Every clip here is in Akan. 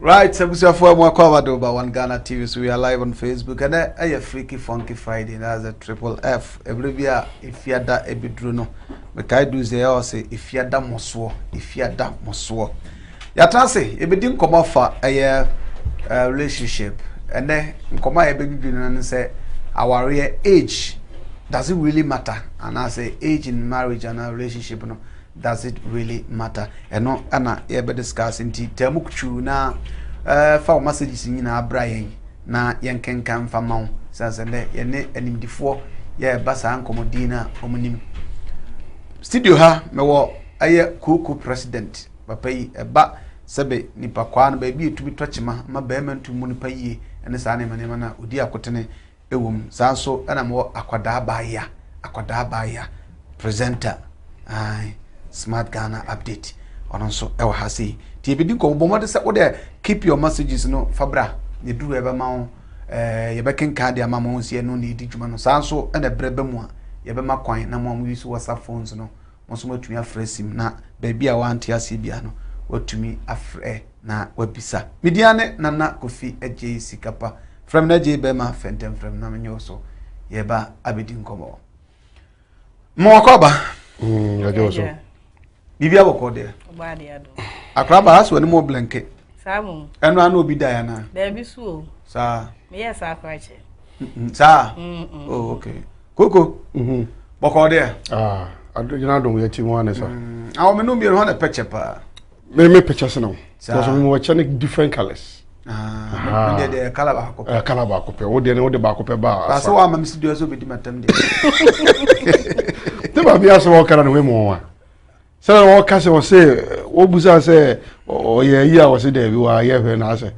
Right, Sebusiafo Mwakwa Wadoba, One Ghana TV, so we are live on Facebook, and I eh, eh, a Freaky Funky Friday, that's a triple F. Every year, if you are that Ebidruno, Mekai Duze, I eh, oh, say, if you are that Moswo, if you are that Moswo. Yatase, Ebidin Komafa, a relationship, and then Nkoma Ebidruno, and say, our age, does it really matter? And I say, age in marriage and a relationship, no. does it really matter ɛno ɛna yɛbɛ discuss nti tɛmu twuu na ɛɛ eh, fa wɔn messages nyinaa abra yɛn na yɛn kankan fa ma wo sansan dɛ yɛne animdifoɔ yɛreba saa nkɔmɔdin na wɔn nim studio ha mɛwɔ ɛyɛ kooko president papa yi ɛba eh, sɛbe nipa kwaa no baabi etumi tɔkyima ma bɛrima ntumu nipa yie ɛne saa nneɛma nneɛma na odi akotene ɛwɔ e mu saa nso ɛna mɛwɔ akwadaa baaya akwadaa baaya presenter ayi. smart ghana update ɔno nso ɛwɔ ha sei nti yɛbɛdi nkɔmmɔ mmɔde sɛ wode keep your messages no fabra yɛduru yɛbɛma wo yɛbɛkenka de ama ma wo nsi ɛno ne yɛdi dwuma no saa nso ɛna berɛ bɛ mu a yɛbɛma kwan na mo a mouse whatsapp phones no mo nso moatumi afrɛ sim na baabi a woante aseɛ bia no woatumi afrɛ na wabisa media ne nana kofi agye sikapa frɛm no agye bɛma fɛntɛm frɛm na menyɛ wo so yɛba abɛdi nkɔmmɔ mɔwɔkɔ ba mm, so biribi abɔ kɔ deɛ akraba aso ani mo blanket ɛno ana obi da ya na baabi so o saa meyɛ saa kora kyɛ saa oh okay koko bɔkɔ mm-hmm. deɛ ah adogyina adom yɛ ti mu ane sa mm. awɔ me no mmienu hɔ na pɛkyɛ paa me me pɛkyɛ se no because me wɔkyɛ ne different colors Ah, de de kala baako pɛ. kala eh, baako pɛ o de ne o de baako pɛ ba. baasa wa ama misi dua so bi di ma tam de. ne baabi asɔrɔ kala ni o ye mɔgɔ wa. sɛdeɛ wɔka sɛ wɔse wɔbusa sɛ ọyẹ yi a wɔse daabi wɔ ayɛ hwɛ n'asɛ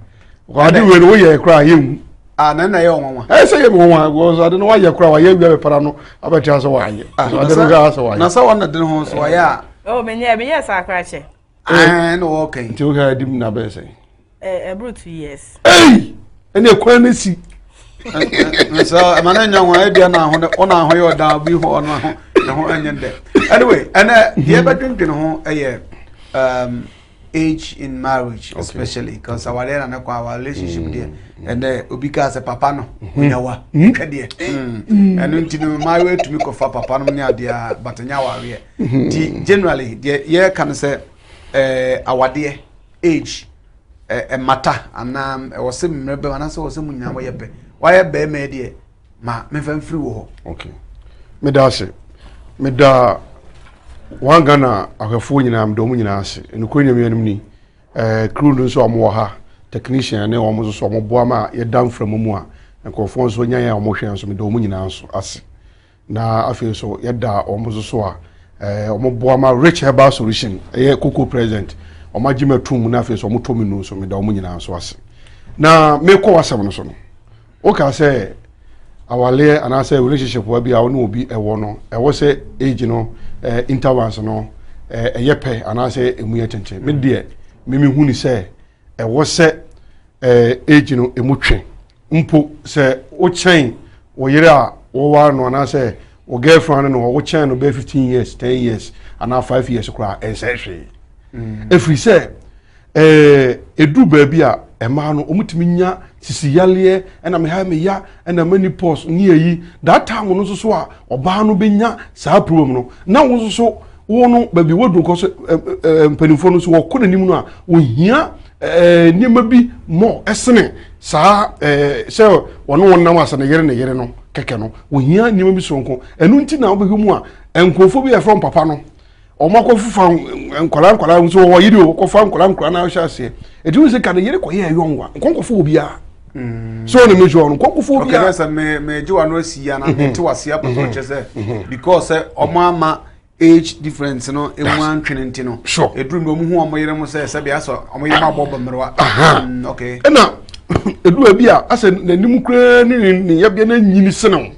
wɔade wei no mu na na yɛ wɔn wa wa no na na de ne ho so wɔyɛ a ɔ menyɛ menyɛ sɛ akora kyɛ ɛn na wɔɔka yi nti mu na bɛyɛ sɛ ɛɛ ɛburo two years ɛyi nso mana nya nwa na ahụ ọ na ahụ ya ọda ihu ọnụ ahụ na ndị anyway ebe dị ho ɛyɛ age in marriage especially na kwa awa relationship mm. there uh, obi ka sɛ papa no deɛ ɛno nti no atumi kɔfa papa no uh, ne mm-hmm. uh, adeɛ a but awareɛ nti generally deɛ yɛka no sɛ awadeɛ age ɛmata anaa ɛwɔ sɛ mmerɛ bɛm ɛwɔ sɛ mu wɔyɛ bɛ wayɛ bɛrima deɛ ma mefa mfiri wɔ hɔ meda ase meda wan ghana ahwɛfoɔ nyinaa meda ɔmo nyinaa ase nokora nyamianom ni eh, crew no nso a ɔmowɔ ha technician ne ɔmo nso so ɔmoboa ma yɛda mframu mu a nkurɔfoɔ nso nyan a ɔmohwɛ nso meda ɔmo nyinaa nso ase na afei so yɛda ɔmo nso so a ɔmoboa eh, ma rich herbal solution ɛyɛ coco present ɔmo agye ma tum na afei so ɔmo tɔ mi nu nso meda ɔmo nyinaa nso ase na mekɔ asɛm no so no woka sɛ awaleɛ anaasɛ bi a ɔne obi ɛwɔ no ɛwɔ sɛ age no intervals no ɛyɛ pɛ anaasɛ emu yɛ tenten mi deɛ mimi hu ni sɛ ɛwɔ sɛ age no emu twɛ mpo sɛ wokyɛn wɔyere a wɔwaa no anaasɛ wɔ girlfriend no no fifteen years ten years anaa five years koraa ɛnsɛ hwee mm. efiri sɛ ɛɛ baabi a. mmaa no ɔmutumi nya sisiyaleɛ ɛna meha meya ɛna menopause ne ayi that time no nso so a ɔbaa no bɛnya saa problem no na wo nso so wo no baabi woaduru kɔ so mpanimfoɔ no so wɔkɔ n'anim no a wɔhia nneɛma bi mɔ ɛsene saa sɛ ɔne wɔn nam asa ne yere ne yere no kɛkɛ no wɔhia nneɛma bi soronko ɛno nti na wobɛhwɛ mu a nkurɔfoɔ bi yɛfrɛ papa no ọmọ akọ fufa nkwadaa nkwadaa nso wọ yiri o kọfa nkwadaa nkwadaa na ahyɛ aseɛ etu sɛ kane yere kɔyɛ ɛyɔ nwa nkɔnkɔfo obi a mm. so ɔno mi sɔɔ no nkɔnkɔfo obi a. ɔkɛlɛ sɛ mɛ mɛ gye wa no esi ya na mɛ te wa si apɔtɔ kyɛ sɛ because ɔmo ama age difference no emu antwene nti no eduru mi ɔmo hu ɔmo yere mo sɛ sɛbi asɔ ɔmo yere mo abɔ bɔmɛrɛwa mm, okay. ɛna e edu ebi a asɛ n'anim kura ne ne yabea n'enyini siniw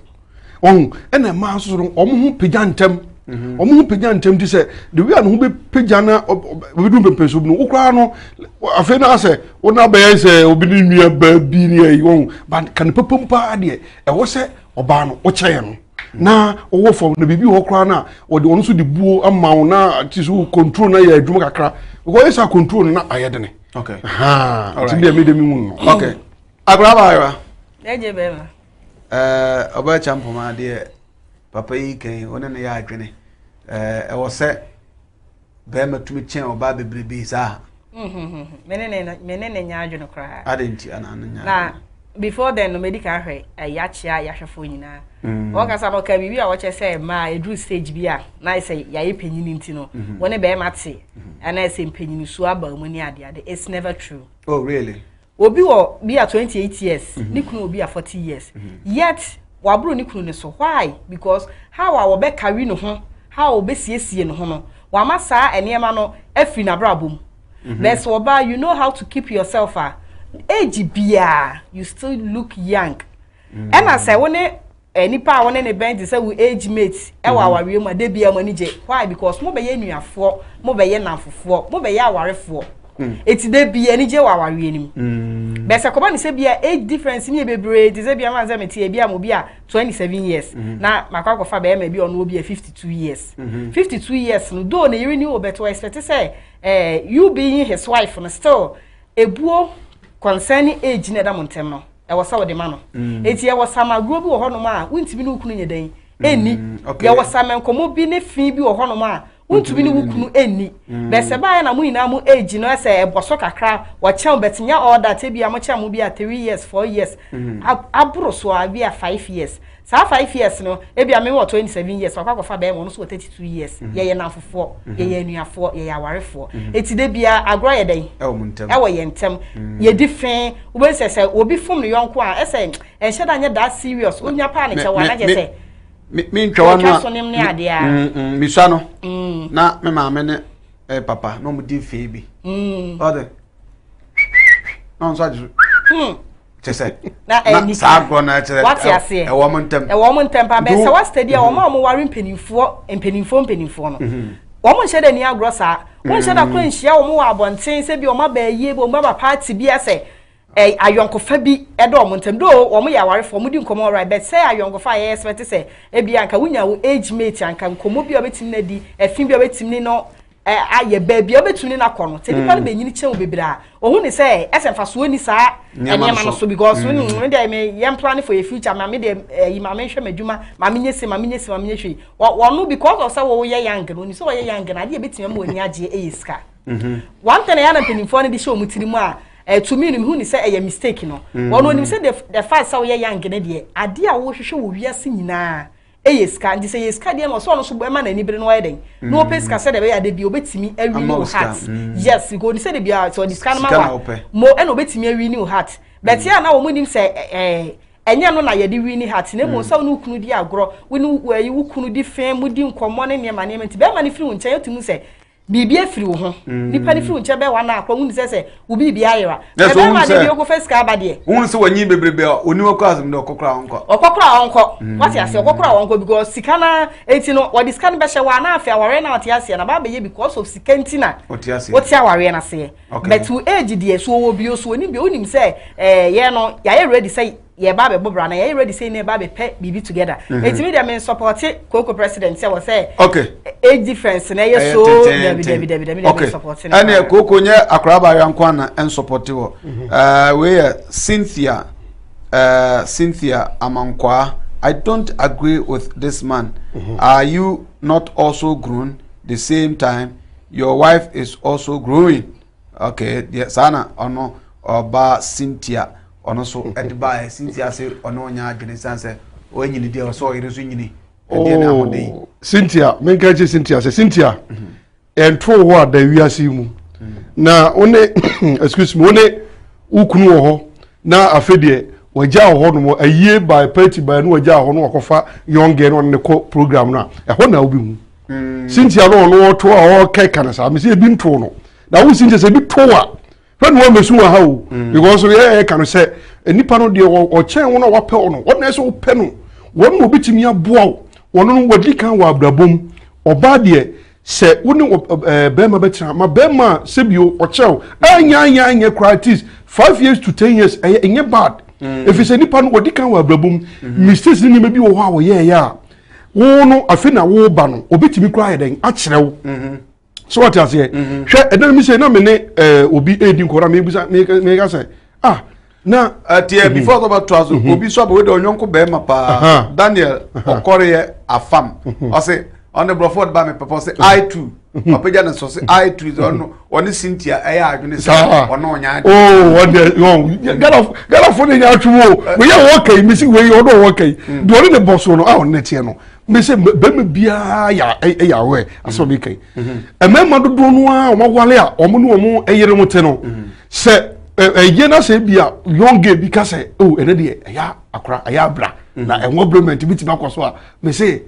ɔhun ɛna mmaa e soso no ɔmo ho ɔmo mm-hmm. ho pagya ntɛm ti sɛ de wia ne ho bɛpagya na ɔbɛdu mpɛmpɛnso bi no wokora no afei no asɛ wona bɛyɛ sɛ obi ne nnua baa bi ne ayi wɔn but ka ne papam paa deɛ ɛwɔ sɛ ɔbaa no wokyɛɛ no mm-hmm. na ɔwɔ fam na biribi wɔ koraa no a nso de buo ama wo na ti so control na yɛ adwuma kakra ɔyɛ control na ayɛ dene nti deɛ mede me mu no abraba ayewa ɔbɛkya eh, mpoma deɛ papa yi kan wo ne no yɛ Eh, ɛwɔ sɛ bɛrima tumi kyɛn ɔbaa bebrebe saa. ne ne ha. nti na before then no medi kan hwɛ ɛyɛ eh, yɛahwɛfoɔ nyinaa. wɔn mm. no ɔka biribi a wɔkyɛ sɛ mmaa eduru stage bi a na sɛ yɛayɛ panyin nti no mm-hmm. wɔne bɛrima te ɛna mm-hmm. sɛ mpanyin so aba mu ne adeade it's never true. oh really. obi wɔ bi a twenty years mm-hmm. ne kunu obi a forty years yet waburo ne kunu ne so why because how a wɔbɛ ne ho. ha a obesiesie ne ho no wama saa nneɛma no afiri n'abrabɔ mu mhm. bɛs ɔbaa you know how to keep yourself a ah, age biara you still look young mhm. ɛna sɛ wo ne eh, nipa a wo ne ne bɛn te sɛ wo age mate ɛwɔ mhm. awareɛ mu a de biara mo ani gye why because mo bɛyɛ nnuafoɔ mo bɛyɛ nanfofoɔ mo bɛyɛ awarefoɔ. Mm. eti de bia ani gye wɔ awareɛ no mu mm. bɛsɛ kɔba ne sɛ bia age difference ne yɛ bebree te sɛ bia ma sɛ mete ebi a mo bi a twenty seven years mm-hmm. na makɔ akɔfa bɛrima bi ɔno obi a fifty two years mm-hmm. fifty two years no though ne yere ni wo bɛtɔ expect sɛ ɛɛ eh, you being his wife no still ebuo concerning age na ɛda mo ntɛm no ɛwɔ e sɛ wɔde ma no mm. eti ɛwɔ e samaguro bi wɔ hɔnom a wuntumi ne wukunu nyɛ dɛn ɛni yɛwɔ samɛnkɔmɔ bi ne fi bi wɔ hɔnom a wontumi ne wo kunu ɛnni mm. bɛsɛ baayɛ na mo nyinaa mo age no sɛ ɛbɔ so kakra wɔkyɛn bɛtenya ɔda te bi a mokyɛn bi a three years four years mm. aboro so a bi a five years saa five years no ebi a mi wɔ twenty seven years wakɔ akɔfa bɛrɛ wɔn nso wɔ thirty two years mm-hmm. yɛyɛ nanfofoɔ mm-hmm. yɛyɛ enuafoɔ yɛyɛ awarefoɔ mm-hmm. eti de bia agorɔ yɛ dɛn ɛwɔ yɛn ntɛm mm. yɛdi fɛn wobɛn sɛ sɛ obi fom ne yɔnko a ɛsɛ ɛnhyɛ da nyɛ da serious onya paa ne kyɛ wɔ anagye sɛ mi ntwa wa nua misua mm, mm, no mm. na mi maame ne eh, papa na ɔmo di fee bi ɔde na ɔnso agye so hmm. kyesɛ na eh, saa agorɔ na kyerɛ ɛwɔ ɔmo ntɛm ɛwɔ ɔmo ntɛm pa bɛn sɛ wa sitɛdi a ɔmo a mhm. ɔmo wari mpanyinfoɔ mpanyinfoɔ mpanyinfoɔ no wɔn mhm. nhyɛ dɛ ni agorɔ saa wɔn nhyɛ dɛ koro nhyia wɔn wɔ abɔnten sɛ wɔn aba yie bi wɔn aba paati bi ɛsɛ ẹ eh, ayọnkofa bi ẹdọ ọmọ ntẹm do ọmọ yẹ awarefo ọmọ di nkọmọ ọrọ ẹbẹ sẹ ayọnkofa yẹ ẹsẹpẹtẹ sẹ ebi anka wunya wo age mate anka nkọmọ bi ọbẹtumi na di ẹfin bi ọbẹtumi ni no ẹ ayẹ beebi ọbẹtumi ni na kọ no tẹ nipa ni hmm. bẹ nyini kyẹn o bebree a ohun ni sẹ ẹsẹ nfasuo ni saa nneɛma no so because wọn hmm. mi mm, deɛ mi yɛn plan for your future maame deɛ ɛyi eh, maame nhwɛ m'adwuma maame nye se maame nye se maame nye hwɛ wɔn because of sɛ wɔn yɛ yang no oni sɛ wɔyɛ yang no adeɛ ebi tìmɛ mu oni agye ɛyɛ sika. Mhm. one thing ɛyɛ na mpanyinfoɔ no de hyɛ wɔn tiri a Eh, tumi eh, mm. no oh, mihu eh, ni sɛ ɛyɛ mistake no wɔn onim sɛ the fact sɛ ɔyɛ yang ne deɛ adeɛ a wɔhwehwɛ wɔ wiase nyinaa ɛyɛ sika nti sɛ yɛ sika deɛ ma ɔsɛ ɔno so ɛma n'ani bere no ɔyɛ dɛn na ɔpɛ mm. sika sɛ deɛ ɛbɛyɛ ade bi obetumi awi ne o heart yes nko ni sɛ de bi a sɛ ɔde sika no ma wa mo ɛna obetumi awi ne o heart bɛti a na wɔn nim sɛ ɛɛ ɛnyɛ no na yɛde win ne heart na mmom sɛ wo ne wo kunu di agorɔ wo ne wo kunu di fɛn mu di nkɔmmɔ ne nneɛma nneɛma nti bɛrima no firi wo nkyɛn yɛtumi sɛ biribi efiri wo ho mm. nipa ne firi wo nkyɛn bɛɛ wa na akɔ ŋun sɛ sɛ wo biribi ayɛra ɛbɛn ma de bi okɔ fɛ sika aba deɛ. ŋun sɛ wɔnyi bebrebe a oni wɔ kura asem de ɔkɔkora ɔnkɔ. ɔkɔkora ɔnkɔ mm. wati ase ɔkɔkora ɔnkɔ because sika na eti no wɔde sika no bɛhyɛ wa na afei awareɛ na ɔte aseɛ na baabɛ yɛ because of sika nti na ɔte aseɛ ɔte awareɛ na seɛ but wo age deɛ so wɔ bio so onim bi onim sɛ ɛɛ eh, yɛ no yɛayɛ ready sɛ yɛ ba bɛ bɔ bra na yɛ ready say ne ba bɛ pɛ biribi together etimi deɛ mi nsɔpɔte koko president sɛ wɔ sɛ okay age difference na yɛ so dabi dabi dabi dabi okay ɛnna koko nyɛ akoraba yanko ana nsɔpɔte wɔ mhm. eh, wei yɛ cynthia ɛɛ eh, cynthia amankwaa i don't agree with this man mhm. are you not also grown the same time your wife is also growing okay deɛ saa na ɔno ɔbaa cynthia ɔno so ɛde baa sinti ase ɔno ɔnya adwene san sɛ ɔnyini deɛ ɔsɛ ɔyere so nyini ɛdeɛ na oh, ahode yi. cynthia menka kye cynthia sɛ cynthia mhm. ɛntoo hɔ a da wiase yi mu mhm. na wone excuse me wone wokunu wɔ hɔ na afei deɛ wɔgya wɔ hɔ nom ayie by party by no wɔgya hɔ no wɔkɔfa young girl no ɔne ne kɔ program no a ɛhɔ na wobi mu mm. cynthia no ɔno wɔto a ɔkɛka no saa mesɛ ebi ntoo no na wo cynthia sɛ ebi too a fɛn wɔn bɛ sun wɔ ha o because yɛ yɛ kan sɛ nipa no deɛ ɔkyɛn wɔn a wapɛ wɔn wɔn na yɛ sɛ wɔpɛ no wɔn na obitumi aboa o wɔn no wɔdi eh, kan wɔ abrabɔ mu ɔbaa deɛ sɛ wone ɛɛ bɛrima bɛtena ma bɛrima sebio ɔkyɛw ɛnya anya anya koraa tis five years to ten years ɛyɛ eh, ɛnyɛ eh, bad efisɛ mm. nipa no wɔdi kan wɔ abrabɔ mu mm-hmm. mistakes ni nneɛma bi wɔ hɔ a wɔyɛɛyɛ a wɔn no afei na wɔreba no obitumi koraa yɛ dɛn akyerɛw so wate aseɛ hwɛ ɛdan mi sɛ na me ne eh, obi edi eh, nkɔla mebisa meka sɛ ah na. Eh, tiɛ mhm. before ɔba to aso obi so abɛwe de ɔnyɔnko bɛrima paa daniel ɔkɔreyɛ afam ɔse ɔne borɔfo ɔde ba mi pɛpɛ ɔse i two ɔpɛgya ne sɔ sɛ i two ɔno ɔne cynthia ɛyɛ adwene sɛ ɔno ɔnya adwene. ooo ɔde ɔn ghana ghana fo ne nya atwi wo wo yɛ wɔn kɛyi misi wei ɔno wɔn kɛyi deɛ ɔne ne bɔ so no a ɔne ne tiɛ no mese bɛrima biara yà ɛyà awɛ asɛm mi kɛn mmarima dodoɔ no a wɔn awale a wɔn ne wɔn yere mo te no sɛ ɛyɛ n'asɛ bi a yɔnge bi ka sɛ o ɛnɛ deɛ ɛyɛ akora ɛyɛ abira na ɛwɔ bɛrima nti bi ti ba kɔ so a mese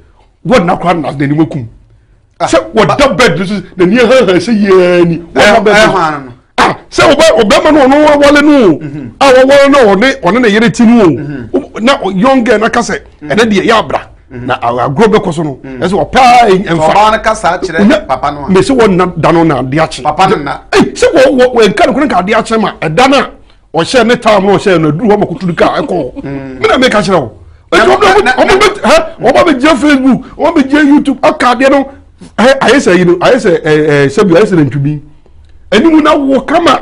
wɔn n'akora na n'anim ekum sɛ wɔda bɛd no so n'ani ɛhɛhɛ sɛ yɛɛ ni wɔn bɛd no sɛ ɔbɛrima no wale nu no a wɔwɔre no ɔne ɔne ne yere ti no o na yɔnge n'aka sɛ ɛnɛ deɛ ɛyɛ abira na agorɔ bɛkɔ so no mm. ɛsɛ ɔpaa ɛmfa mɛsɛ wɔna da no na ade akye sɛ ɛnka nokoro nka ade akye ma ɛda no a ɔhyɛ ne tam no ɔhyɛ no aduru hɔ makɔturu ka ɛkɔ mm. mena meka kyerɛ wo ɔba bɛgyia facebook ɔba bɛgyia youtube aka adeɛ no ayɛ sɛ yi no ayɛ sɛ sɛbi ayɛ sɛ nantwi bi ɛnimu na wɔ kama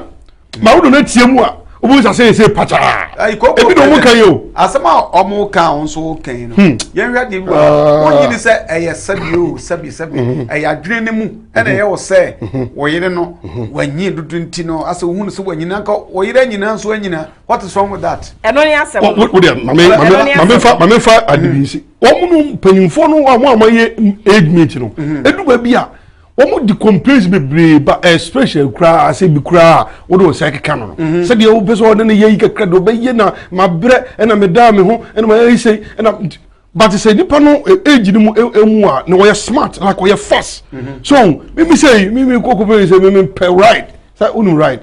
ma wodo no atia mu a o b'o sase ese pata ah, ebi na hmm. ah. o mu kan ye o. asem a ɔmo kan o nso kan yi no yɛn hwɛ de wa wɔn nyini sɛ ɛyɛ sɛbi o sɛbi sɛbi ɛyɛ hmm, hmm. adwene ne mu ɛna ɛyɛ wɔ sɛ wɔyere no wɔnyi dudu nti no asɛ ohun sɛ wɔnyina nka wɔyere nyina nso anyina what is wrong with that. ɛno ni asɛm o o deɛ maame maame maame fa maame fa adibi nsi wɔn mu no mpanyinfoɔ no a wɔn mm, a wɔn ayɛ age meet no eduba bi a wɔn di complaints bebree ba especially eh, koraa ase bi koraa wɔn de wɔn nsa keka no no sɛdeɛ wɔn pɛ sɛ wɔn de yɛ yi kakra de wɔn bɛyɛ na ma brɛ ɛna ma da mi ho ɛna ma yɛ yi sɛ ɛna but sɛ nipa no age no mu emu a na wɔyɛ smart like wɔyɛ fast mhm. so mimi sɛ mimi koko pe sɛ mimi pɛ ride sɛ unu ride.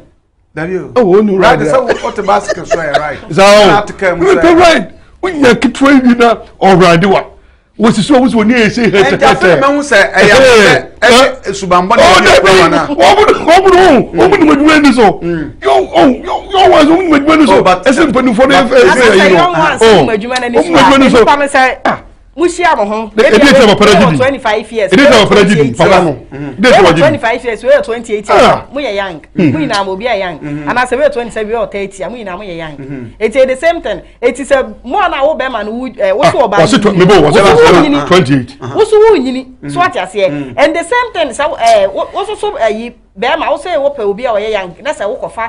dabi o ɔ oh, unu ride sɛ wɔte baasi kɛ so yɛ ride. saa o mimi pɛ ride wunya ketewa yi bi na ɔrade wa wosi mm. so wosi oni ese hẹtẹhẹtẹ. ẹja fẹmi mẹhun sẹ ẹyà sẹ ẹ subanbọ ni wọn yẹ kura wọn na. ọmọdé ọmọdé ọmọdé ọmọdé ẹni sọ yọ yọ wọn sọ ọmọdé ẹni sọ ẹsẹ mpẹnufọ ní ẹfẹ ẹfẹ yìí nọ ọmọdé ẹni sọ muhyia mo ho ebi esi ọmọ pẹrẹ gidi twenty five years ebi esi ọmọ pẹrẹ gidi papa no ebi esi ọmọ twenty years wẹ́ẹ̀ twenty eight years ah. mo yẹ young hmm. mo nyinaa mo bi young hmm. anaasẹ wẹ́ẹ̀ twenty seven wẹ́ẹ̀ thirty mo nyinaa mo yẹ young eti hmm. the same thing eti sẹ mọ na wo bẹẹ ma no wosi ọba yìí wosi wo nyini eight wo nyini so ati aseɛ and the same thing sɛ wososo So bẹẹ ma wosi wo pẹ obi a ɔyɛ young na sɛ wokɔfa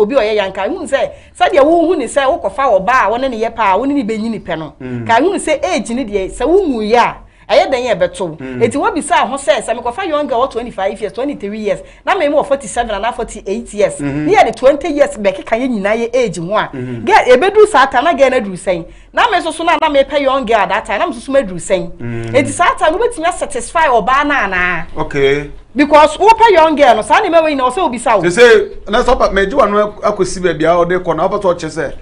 obi ɔyɛ yanka ehun sɛ sɛdeɛ wohu ne sɛ wokɔfa wɔ ba a wɔne ne yɛ paa wɔne ne bɛnyi ne pɛ no mm. ka ehun sɛ age ne deɛ sɛ wohu yɛ a ɛyɛ dɛn yɛ bɛto hmm. eti wɔ bisa ho sɛ sɛ mekɔfa young girl wɔ twenty five years twenty three years na mɛ mu wɔ forty seven anaa forty eight years hmm. ne yɛ de twenty years bɛkeka yɛ nyinaa yɛ age ho a hmm. girl ebedu saa ta na girl na duru sɛn na mɛ soso na na mɛ pɛ young girl that time na mɛ soso mɛ duru sɛn eti saa ta no betumi satisfy ɔbaa naa naa. okay. because wo pɛ young girl no saa ne mɛ wɔ yi na ɔsɛ obi sa o. sese na sɛ ɔpa mɛ gyiwa no akɔsi baabi a ɔde kɔ na ɔpɛ sɛ ɔkyɛ sɛ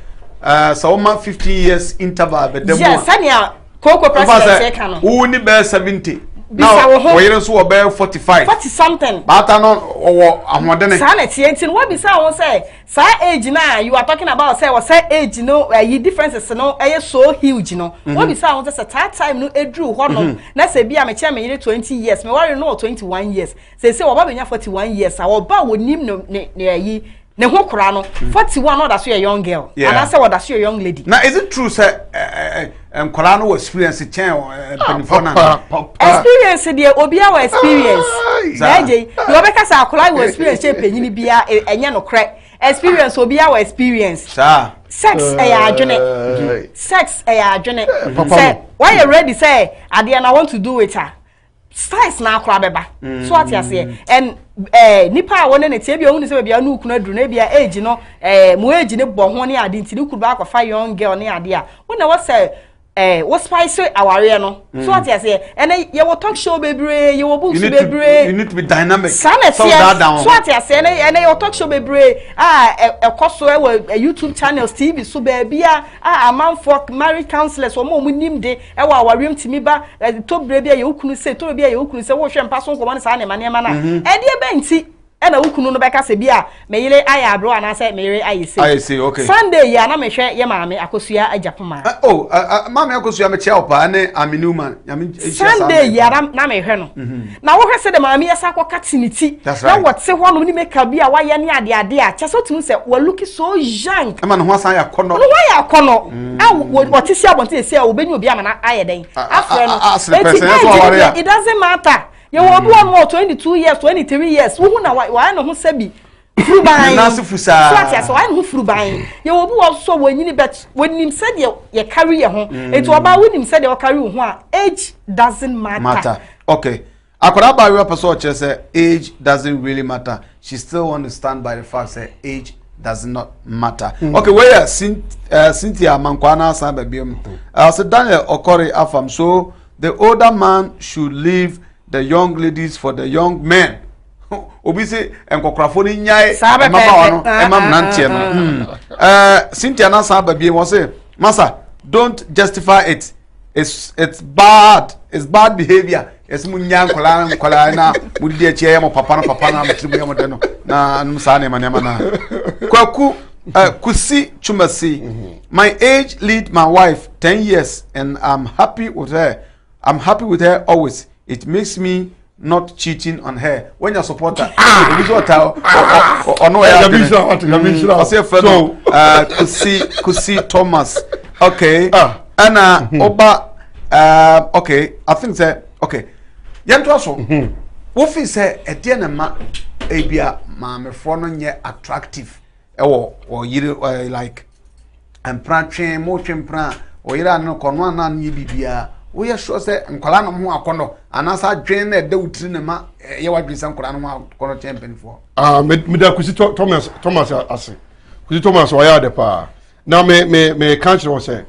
eh, sɛ ɔma fifteen years interval bɛ dɛ mu a. yes sani a koko president yɛ ka no wo ni bɛɛ seventy bisa wɔ ho wɔyere nso wɔ bɛɛ forty five forty something baata oh, oh, no wɔ ahoɔdene saa na tie nti no wɔbisa ho sɛ saa age na you are talking about say sɛ say age no ɛyi eh, differences no ɛyɛ eh, so huge no mm-hmm. wɔbisa ho sɛ say? taa time no eduru eh, hɔ no mm-hmm. na sɛ bi a mekyɛn meyere twenty years Me worry no wɔ twenty one years say sɛ wɔba benya forty one years a wɔba wɔ nim no ne ne ɛyi ne ho kora no hmm. forty one na ɔda so yɛ young girl anaasɛ ɔda so yɛ young lady. na is it true sɛ nkɔla no wɔ experience kyɛn ah, mpanyinfoɔ na. experience deɛ obiara wɔ experience n'agye deɛ ɔbɛka sɛ akɔla wɔ experience kyɛn panyin biara e, ɛnyɛ no korɛ experience obiara wɔ experience. saa sex ɛyɛ adwene sex ɛyɛ adwene sɛ you ready sɛ adeɛ na i want to do with her. styles na akora beba mm. so ate ase and eh nipa a wone ne tie bia ohun se bia na ukunu aduru na bia age no eh mo age ne bo ho ne ade ntini kuru ba akwa fa young girl ne ade a wona na se eh wo spice aware no so hmm. what you say ene ye wo talk show bebre ye wo books bebre you need to be dynamic so that down so what you say And then you wo talk show baby. ah of course so e a youtube channel, tv so Ah, bia ah amanfo marriage counselors or more nim de e wo our room, ba eh, to bre bia ye okunu say to bia ye okunu say wo hwe mpa so nko ma ne saa ne ma ne ma na e de be ɛna wo kunu no bɛka sɛ bi a meyere ayɛ aberɛ anaasɛ meyere ayɛ se ayɛ se okay sunday yi a na mehwɛ yɛ maame akosua agya poma o maame akosua mekyia wo paa ne amene woman sunday yi a na mehwɛ no na wohwɛ sɛ de maame yɛ sa kɔka te ne ti na wɔte hɔnom ne meka bi a wayɛ ne adeade a kyɛ sɛ wotumi sɛ waluki so young ɛma ne ho asan yɛ akɔnɔ ne ho ayɛ akɔnɔ a wɔte si abɔnten si a wobɛnya obi ama no ayɛ dɛn no it doesn't matter yɛwɔ obi wɔ mu wɔ twenty years 23 three years wohu na wɔayɛ ne ho sɛ bi furuban nase fusaa so ati ase wɔayɛ ne ho furuban yɛwɔ obi wɔ so wɔ enyini bɛt wɔnim sɛdeɛ yɛ kari yɛ ho mm. etu ɔbaa wɔnim sɛdeɛ ɔkari wo ho a age doesn't matter. matter okay akwadaa abaayewa pɛ sɛ ɔkyerɛ age doesn't really matter she still want to stand by the fact that age does not matter. Mm -hmm. okay wẹ́yẹ cynthia mankwana asan bẹ̀bí mu ọ̀sẹ̀ mm. daniel okori afam so the older man should leave the young ladies for the young men obi sɛ nkɔkorafo no nyae ɛmaba no ɛma mmeranteɛ no ah, ah, ah. Hmm. Eh, cynthia no asan aba bie wɔ sɛ masa don't justify it it's, it's bad it's bad behavior yɛsɛ mu nya nkɔlaa nkɔlaa na mode di akyi ɛyɛ mo papa no papa no amatiri mu yɛ mo dɛ no na nom saa nneɛma nneɛma no kwaku eh, kusi chumasi mhm. my age lead my wife ten years and i'm happy with her i'm happy with her always it makes me not cheating on her when your supporter ebi sọ ta ọnu ẹ adini ọsẹ fẹ no mm, uh, kusi kusi thomas okay ẹna ah. ọba mm-hmm. uh, okay i think sẹ okay yẹn tó aso mm-hmm. wofi sẹ ẹdíẹ na ma ebi a maamefoɔ no nyɛ attractive ɛwɔ ɔyere ɛɛ uh, like mpratwe motwe mpran ɔyere ano kɔnɔ anan yɛ bibiara woyɛ sure sɛ nkwadaa no ho akɔnɔ anaasɛ adwene na ɛda wotiri ne ma ɛyɛ wadwene sɛ nkwadaa no ho akɔnɔ kyɛn mpanimfoɔ. Ah, meda kusi thomas thomas ase kusi thomas ɔyɛ ade paa na me me me ka kyerɛ wɔ sɛ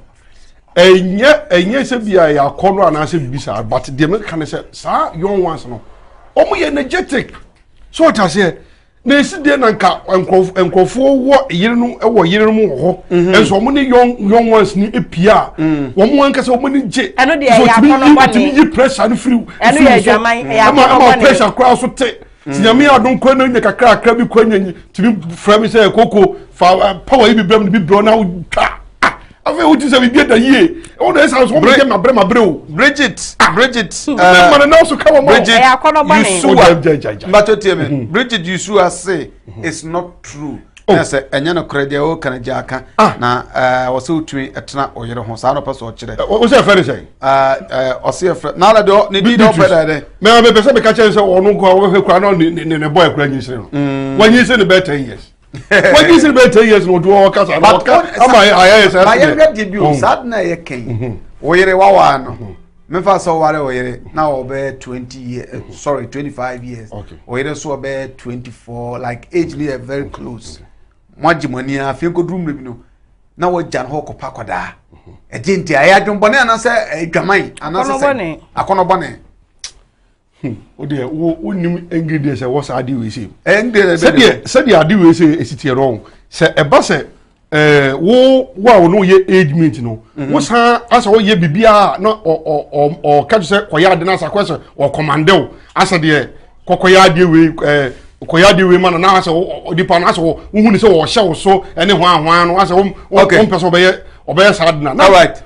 ɛnyɛ ɛnyɛ sɛ bi a yɛ akɔnɔ anaasɛ bibi saa but deɛ meka ne sɛ saa young ones no wɔn yɛ energetic so ɔtaseɛ na esi deɛ na nka nkurɔfoɔ wɔ yere no wɔ yere no mu wɔ hɔ mhm. nso wɔn ne young young ones ni epia a mm. wɔn wɔn nkasa wɔn ni gye ɛno deɛ ɛyɛ akɔnɔ yi pressure no firi ɛno yɛ adwaman ɛyɛ pressure koraa so te sinyame mm. adom kɔ no nya kakra kakra bi kɔ nya tumi fura mi sɛ koko fa uh, power yi bi brɛ mu ne bi brɛ ɔna twa afei wotu sɛ biribi ada yie ɛwɔ na ɛsan so wɔn bɛ yɛ mabrɛ mabrɛ o. bridget ah, bridget ɛɛ mma ne nan so ka ma o. bridget yusua mbato tie mi bridget yusua say mm-hmm. it's not true oh. oh, ah. na uh, sɛ ɛnyɛ oh, uh, uh, no korɛ deɛ ɔwɔ kana gya aka na ɛɛ wɔsɛ otumi ɛtena ɔyere ho saa na ɔpɛ sɛ ɔkyerɛ. ɔsɛ ɛfɛ de sɛ. ɛɛ ɔsɛ ɛfɛ n'ala deɛ ne di dɛ ɔpɛ dɛ dɛ. mɛ mɛ pɛsɛ mi ka kyɛn sɛ ɔno nkɔ ɔbɛfɛ kura na ɔne ne ne bɔ ɛkura nyinsɛn no mm. wɔnyinsɛn wọ́n jí ten years ní ọdún ọkà sàn ama àyà yẹ sẹ́yà sílẹ̀. bayerẹ di bi o sáàdì náà yẹ kẹ́yìn oyèrè wà wà àná mẹ́fà sọ wàrẹ̀ oyèrè náà ọbẹ̀ twenty eh, mm-hmm. years sorry twenty five years oyèrè sọ ọbẹ̀ twenty four like age ni very close wọ́n ya fi dúró mi nù náà wọ́n jà hó kópa kọ́dà ẹ̀jẹ̀ ntì àyà o de wo wo nim ingredients ɛwɔ saa adi wei se. sɛdeɛ sɛdeɛ adi wei se esi tiɛ dɔn sɛ ɛba sɛ ɛɛ wo wo a wɔn yɛ age mint no mhm. wo san asa wo yɛ na ɔ ɔ ɔ kɛtɛ sɛ kɔyɛ adi na asa kɔ sɛ ɔkɔmandew asa deɛ kɔkɔyɛ adi wei ɛɛ kɔyɛ adi wei ma na na asa wo nipa na asa wo wohun sɛ wɔhyɛ wo so ɛne hwan hwan no asa wo wo mpɛ sɛ ɔbɛyɛ ɔbɛyɛ saa adi na. alright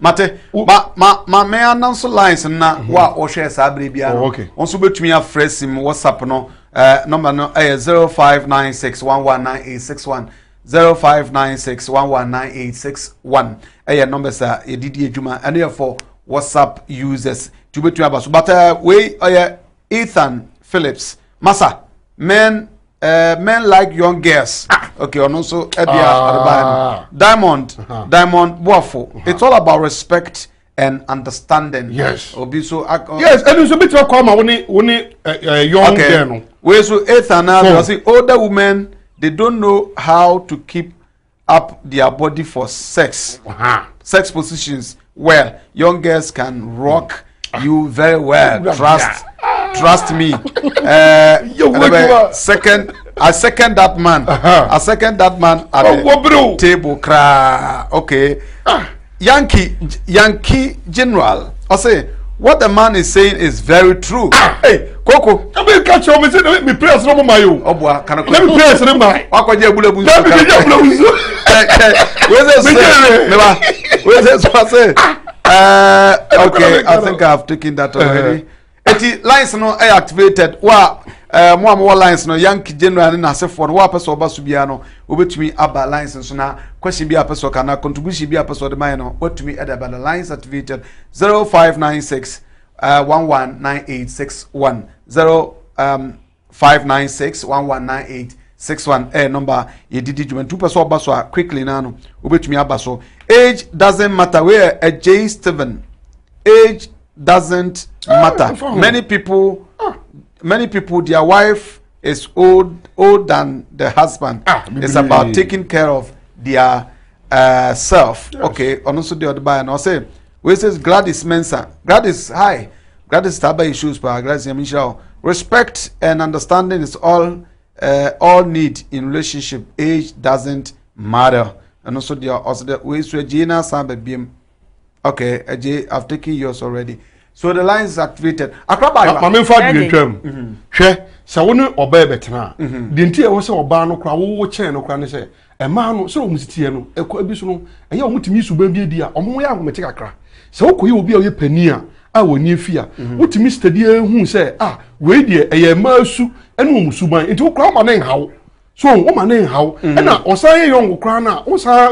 mate ma ma ma mea nan so lines na mhm. wa ɔhwɛ saa abere biara no wɔn oh, nso bɛtumi afrɛ sim whatsapp no eh, number no ɛyɛ eh, zero five nine six one one nine eight six one zero five nine six one one nine eight six one ɛyɛ numbers a yɛdidi adwuma ɛno yɛ for whatsapp users tí o bɛtumi aba so but ɛɛ eh, wei ɔyɛ ethan phillips masa men. Eh, men like young girls. Ah. Okay, ọ̀nà nso ẹ̀bi ah. àdìbáyà mi. Diamond uh-huh. Diamond Buafo. Uh-huh. It's all about respect and understanding. Yes. Obi so. Uh, yes, ẹni nso bí tí wọ́n kọ́ ọ́ ma eh, eh, young okay. girl no. Wẹ́n so Ethan. and nine because older women they don't know how to keep up their body for sex. Uh -huh. Sex positions well. Young girls can rock mm. you very well. Trust. Ah. Trust me uh, second I second that man. Uh-huh. I second that man at oh, the wabru. table. Cry. Okay. Ah. Yankee Yankee General. I say what the man is saying is very true. Ah, hey, Koko. let me catch your message. Let me pray as no my own. Oh boy, can Let me pray as no Let me je bule bunzo. Where's this? Where's this? What's it? Uh, okay, I think I've taken that already. Uh-huh eti lines no ɛyɛ eh, activated wa ɛɛ mo a mo wɔ lines no yankee general ne n'asefoɔ no wa apɛ sɛ ɔba so biara no obetumi aba lines nso na question bi apɛ sɛ ɔka na contribution bi apɛ sɛ ɔde mayɛ no watumi ɛde aba na lines activated zero eh, um, five nine six one one nine eight six one zero eh, five nine six one one nine eight six one ɛɛ number yɛdidi dwuma ntu pɛ sɛ ɔba so a quickly na no obetumi aba so age doesn't matter wey ɛ ɛjay steven age doesn't. Ah, matter many people ah. many people their wife is old old than the husband ah, it's about taking care of their uh, self yes. okay ọ̀nùsọ di ọ̀dọ̀ báyìí I say, we says Gladys Mensah Gladys, hi Gladys taba issues pa Gladys yamishira respect and understanding is all uh, all need in relationship age doesn't matter ọ̀nùsọ di ọ̀sọ̀ di wíṣẹ́ ẹ̀jẹ̀ náà sábẹ̀ bíi okay I've taken yours already so the lines is activated akraba ayiwa. maame nfa di etwa mu mhm. hwɛ sɛ wo ne ɔbaa bɛ tena mhm. deɛ nti ɛwɔ sɛ ɔbaa no kora wowo kyɛn no kora ne sɛ ɛmaa no sɛ ɔmo si tiɛ no ɛkɔ ebi so no ɛyɛ ɔmo tumi suban bi edi a ɔmo yɛ ahomete kakra sɛ ɔkɔ yɛ obi a ɔyɛ panin a a wɔnni efi a mhm. wotumi sitadi ehu sɛ a wei deɛ ɛyɛ mmaa su ɛne ɔmo suban nti wokora ɔmo ne nhaw. so woma ne nhaw ɛna ɔsan yɛ yɔngo koraa no a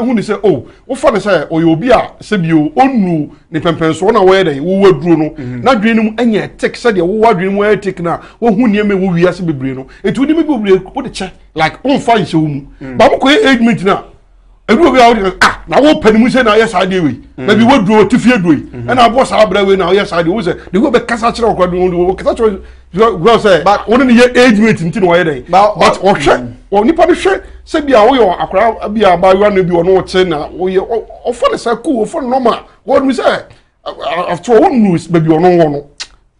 hu ne sɛ o wofa ne sɛ ɔyɛ obi a sɛbio ɔnu ne pɛmpɛnsoɔ no a wɔyɛ dɛn wowɔ aduro no n'adwene no mu ɛnyɛ tek sɛdeɛ wowɔ adwene mu ɛyɛ tek no a nneɛma ɛwɔ wiase bebree no bebree kyɛ like mu a ebi obi a wodi ah na wo panimu sɛ na ayɛ saa we wei baabi wo duro ti fie duro yi ɛna abɔ saa abira wei na ayɛ saa deɛ wo sɛ de wo bɛ kasa kyerɛ ɔkura do wo kasa kyerɛ ɔkura sɛ wo ne ne yɛ age mate nti na wɔyɛ dɛ but ɔhwɛ wɔ nipa bi hwɛ sɛ bi a woyɛ akora bi a abaayewa no bi ɔno ɔte na woyɛ ɔfɔ ne sɛ cool ɔfɔ ne normal wɔn mi sɛ after all wɔn nu baabi ɔno wɔ no.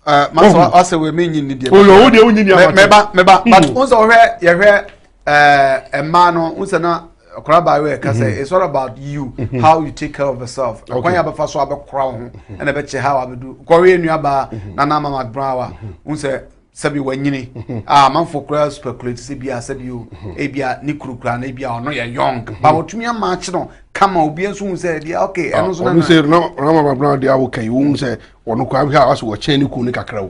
ɛɛ masa ɔsɛ wo mi nyi ni deɛ. oyo o deɛ o nyi ni amate. mɛba mɛba hmm. but n sɛ ɔhwɛ yɛhwɛ ɛɛ mmaa no n sɛ na akora baayewa ɛka sɛ mhm. it's all about you mhm. how you take care of yourself akwan yɛ abɛfa so abɛkora wo ho mhm. ɛna ɛbɛkyɛ ha wabɛdu kɔwe nnua baa nana ama madrawa n sɛ sɛbi wanyini a amanfo kora speculate sɛ bia sɛbi o ebia ne kurukura na ebia ɔno yɛ young ba wɔtumi ama akyi no kama obi nso hu sɛ deɛ ok ah, ɛno nso nana ɔno sɛ rama madrawa deɛ awo kan yi wo hu sɛ ɔno kora bi a wasɛ wɔkyɛn ne kun ne kakra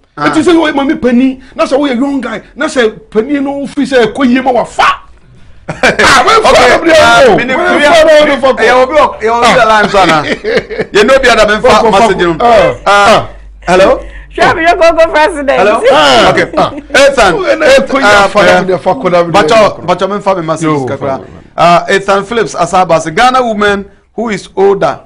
ɛti ah. sɛ woyɛ e mami pani na sɛ woyɛ young guy na sɛ pani no fi sɛ ɛkɔ yie ma wafa ah, yɛne hello Shabby, you're going go president. Hello? Ah. okay. Ethan, Ethan, Bacho, Bacho, me a Ghana woman who is older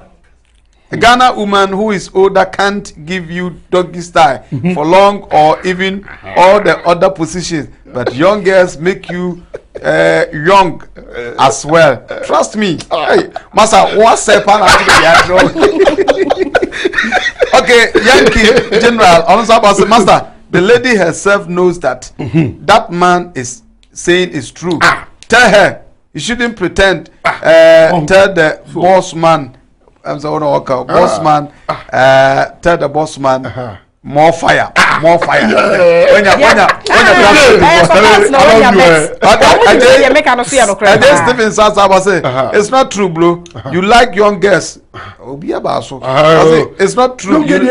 A Ghana woman who is older can't give you doggy style for long or even uh-huh. all the other positions, but young girls make you uh, young uh, as well. Trust me. Hey, Masa, what's sepan Okay, Yankee General, Onusa Master, the lady herself knows that mm-hmm. that man is saying is true. Ah. Tell her you shouldn't pretend. Ah. Uh, Tell the boss man I'm saying, oh, okay. Ah. Bossman, ah. uh, tell the bossman, uh uh-huh. more fire, ah. more fire. When you're, when you're, when you're, I just Stephen Sansa was saying, uh-huh. it's not true, Blue. Uh-huh. You like young girls. Obi abaso. Oh. It's not true. You, you,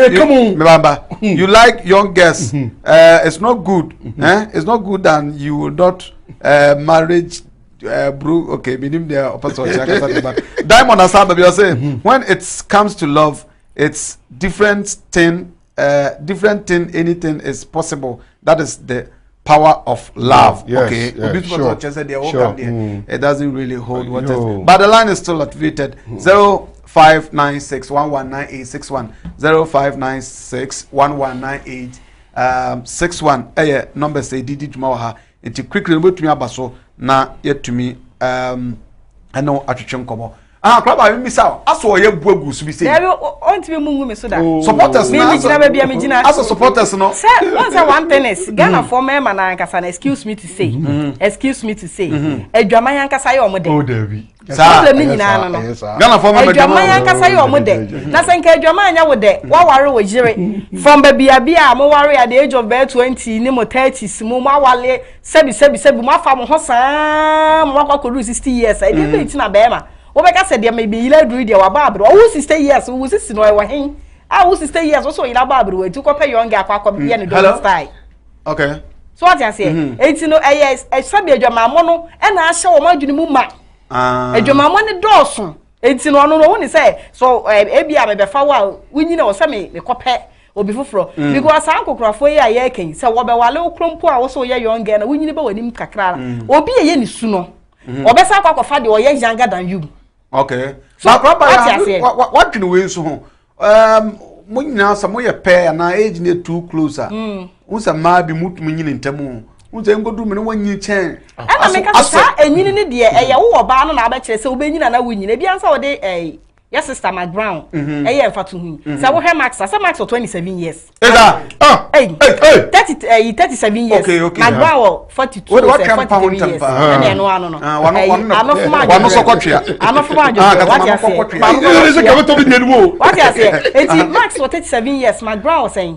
remember, mm-hmm. you like young girls. Mm-hmm. Uh, it's not good. Mm-hmm. Eh? It's not good, and you will not uh, marriage Eh, bro, okay, minim dia opaswa chakasa de but Diamond Asaba bi say when it comes to love, it's different thing, uh, different thing anything is possible. That is the power of love. Yes, okay, yes, sure, sure. Mm. It doesn't really hold what no. is. But the line is still activated. Mm. Zero five nine six one one nine eight six one zero five nine six one one nine eight um, six one. Eh, number say Didi Jumawa. It's quickly. We're going to na yɛtumi um, ɛne atwetwe nkɔmmɔ ah kraba mi bisa o aso o bu egu so bi se dabi o ntimi mu ngu mi so da supporters na mi gina ba bia mi gina aso supporters no se on say one tennis mm-hmm. Ghana for me ma na nkasa na excuse me to say excuse me to say adwaman yankasa ye o mo de o dabi saa problem nyinaa no no Ghana for me ma adwaman yankasa ye o mo de na se nka adwaman anya wo de wa ware wo jire from ba bia bia mo ware at the age of twenty, ni mo thirty, s mo ma wale sebi sebi sebi mo afa mo ho saa mo akwa ko 60 years e dey be ti na be wobɛka sɛ deɛ mebɛyila aduru deɛ waba abere ɔwo sista years wo sisi no ɛwɔ hen a ah, wo sista years wo sɛ ɔyila ba abere wɔnti kɔpɛ yɔnge akɔ akɔbɛyɛ ne dɔm style okay so wɔte aseɛ eti no ɛyɛ ɛsɛbi adwamammɔ no ɛna ahyɛ wɔn adwene mu ma adwamammɔ ne dɔɔso eti no ɔno no wɔn ne sɛ so ɛɛ eh, ebi eh, a mɛbɛfa wo a wonyina wɔ sɛ me mekɔpɛ obi foforɔ because saa nkokorafoɔ yi a yɛrekɛn sɛ wɔbɛwale wo kurompo a wɔsɛ wɔyɛ yɔn gɛn na wonyini bɛ wɔ anim kakra obi a yɛ ne su no ɔbɛsa akɔ akɔfa deɛ ɔyɛ younger than you okay so what what can we so um when you mo nyina sɛ pair, and anaa age ne too close a hmm. wo sɛ mmaa bi motumi nyini ntɛm wo sɛ nkɔdu mu ne woanyi kyɛn ɛna meka sɛ saa ɛnyini ne deɛ hmm. ɛyɛ wowɔ baa no na abɛkyerɛ sɛ wobɛnyina na wonyina ebia nsa wode yɛ sista mac brown ɛyɛ nfa to hu sɛ wohwɛ max asɛ max for twenty seven years. ɛda ɛyi thirty ɛyi thirty seven years mac brown wɔ forty two sɛ forty three years ɛna ɛno ano no ɛyi anofoma adwodwo wano sɔkɔ twea anofoma adwodwo wate aseɛ wate aseɛ eti max wɔ thirty seven years mac brown wɔ sɛn.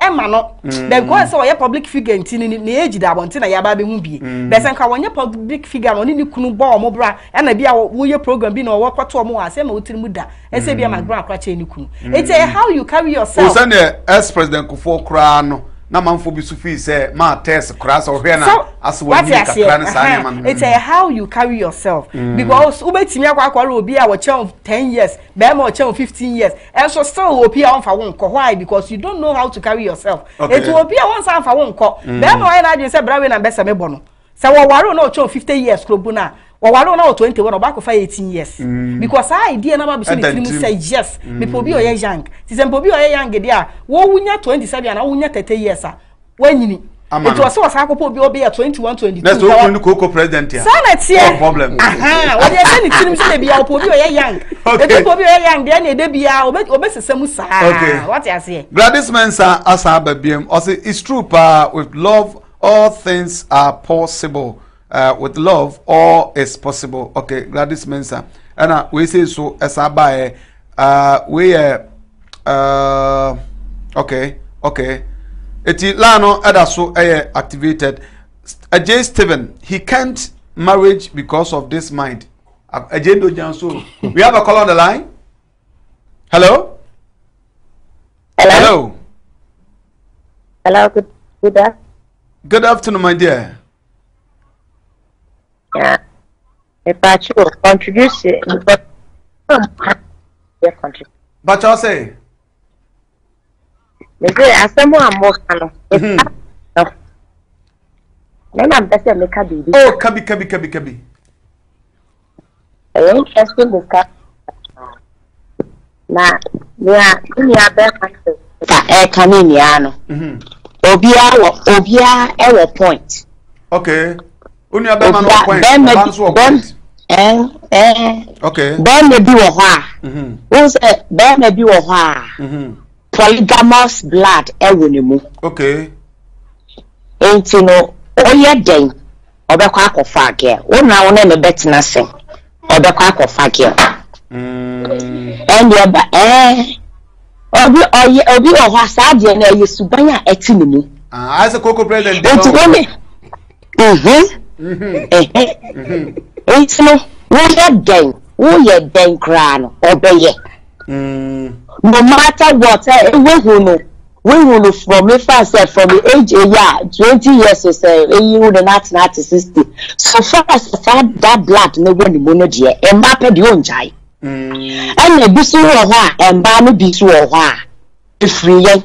ɛma no because sɛ ɔyɛ public figure nti ni na yɛ gyida abɔnten na yaba bɛ hu bie mm. bɛsɛ nka wɔnyɛ public figure na ɔne ne kunu bɔ ɔmo bra ɛna bi a wɔyɛ program bi na ɔwɔ kɔtɔ ɔmo wɔ ase ɛma otiri mu da ɛsɛ bi ama mm. gbɔn akora kyɛn ne kunu eti mm. how you carry yourself. o sɛ deɛ ex president kofoɔ koraa no. na manfo bi so fii sɛ maa test koraa sɛ ɔhwɛ na ase wɔ kakra ne saa uh-huh. nneɛma no. it's a how you carry yourself. Mm. because wobɛtumi akɔ akɔre obi a wɔkyɛn ten years bɛrima ɔkyɛn fifteen years ɛnso still obi a ɔnfa wɔn nkɔ why because you don't know how to carry yourself. okay etu obi a wɔnsa nfa wɔn nkɔ mm. bɛrima ɔyɛ n'adwene sɛ bɛrɛ wei na bɛsɛ mi bɔ no sɛ wɔware na ɔkyɛn fifteen years kuro bu na ɔware wo na wɔ 20 wɔn ɔbaakɔfa 18 years because saa idea na ba bi so ne tirim sɛ yes mepɛ obi ɔyɛ young ti sɛ mepɛ obi ɔyɛ young deɛ a wɔwunya 20 sɛdeɛ na wɔwunya 30 years a wɔanyini ètò ọsẹ wà sáà kópa obi ọbẹ yà twenty one twenty two. nẹsẹ okun ni koko president yà. sanni tiẹ ọdẹ ẹsẹ ni tinubu sẹ ẹbi ya ọpọ obi ọyẹ yang ètò ọpọ obi ọyẹ yang díẹ ní èdè bi ya ọbẹ sẹsẹ mu sáà wọ́n ti àṣeyẹ. gladys mensa asa ababiem um, ọsẹ it's true pa with love all things are possible uh, with love all is possible okay Gladys Mensah ɛna wei sɛ so ɛsa baeɛ uh, wei yɛ uh, uh, okay okay eti line no ɛda so ɛyɛ activated ajay Stephen he can't marriage because of this mind ajay dojan so we have a call on the line hello hello hello, good good good afternoon my dear. Bacho, contribute. Ah. Ah, Bacho say. Mese asɛm a mmɔka no. Mmarima mpɛ sɛ meka biribi. Oh, kabi kabi kabi kabi. Ɛyɛ interesting discussion. Na nea nea bɛrima sɛ ta ɛka ne nua no. Obiara wɔ obiara ɛwɔ point. Okay ó ní abẹ́rẹ́ máa ń wọ point bá ń sọ point. bẹ́ẹ̀mẹ̀ bi wɔ hɔ a wọ́n sɛ bẹ́ẹ̀mẹ̀ bi wɔ hɔ a polygamous blood ɛwɔ ne mu nti no ɔyɛ den ɔbɛkɔ akɔfa agɛɛ wɔn na wɔn na bɛtena se ɔbɛkɔ akɔfa agɛɛ ɛnni ɔba ɛɛ obi ɔyɛ obi wɔ hɔ a saa adeɛ no ɛyɛ suban a ɛte ne mu. ayise koko president de ɔwɔ nti wɔn Mm-hmm. Eh, eh. nti no woyɛ dɛn woyɛ dɛn koraa no ɔbɛyɛ mm. no matter what ewehu no wehu no from efa sɛ from the age eyi a twenty years sɛ eyi wo ne nati nati sixty so far sɛ saa da blood ne wɔ ne mu no deɛ mmaa pɛ deɛ ɔngyae mm. ɛna ebi so wɔ hɔ a mmaa no bi so wɔ hɔ a efiri yɛn.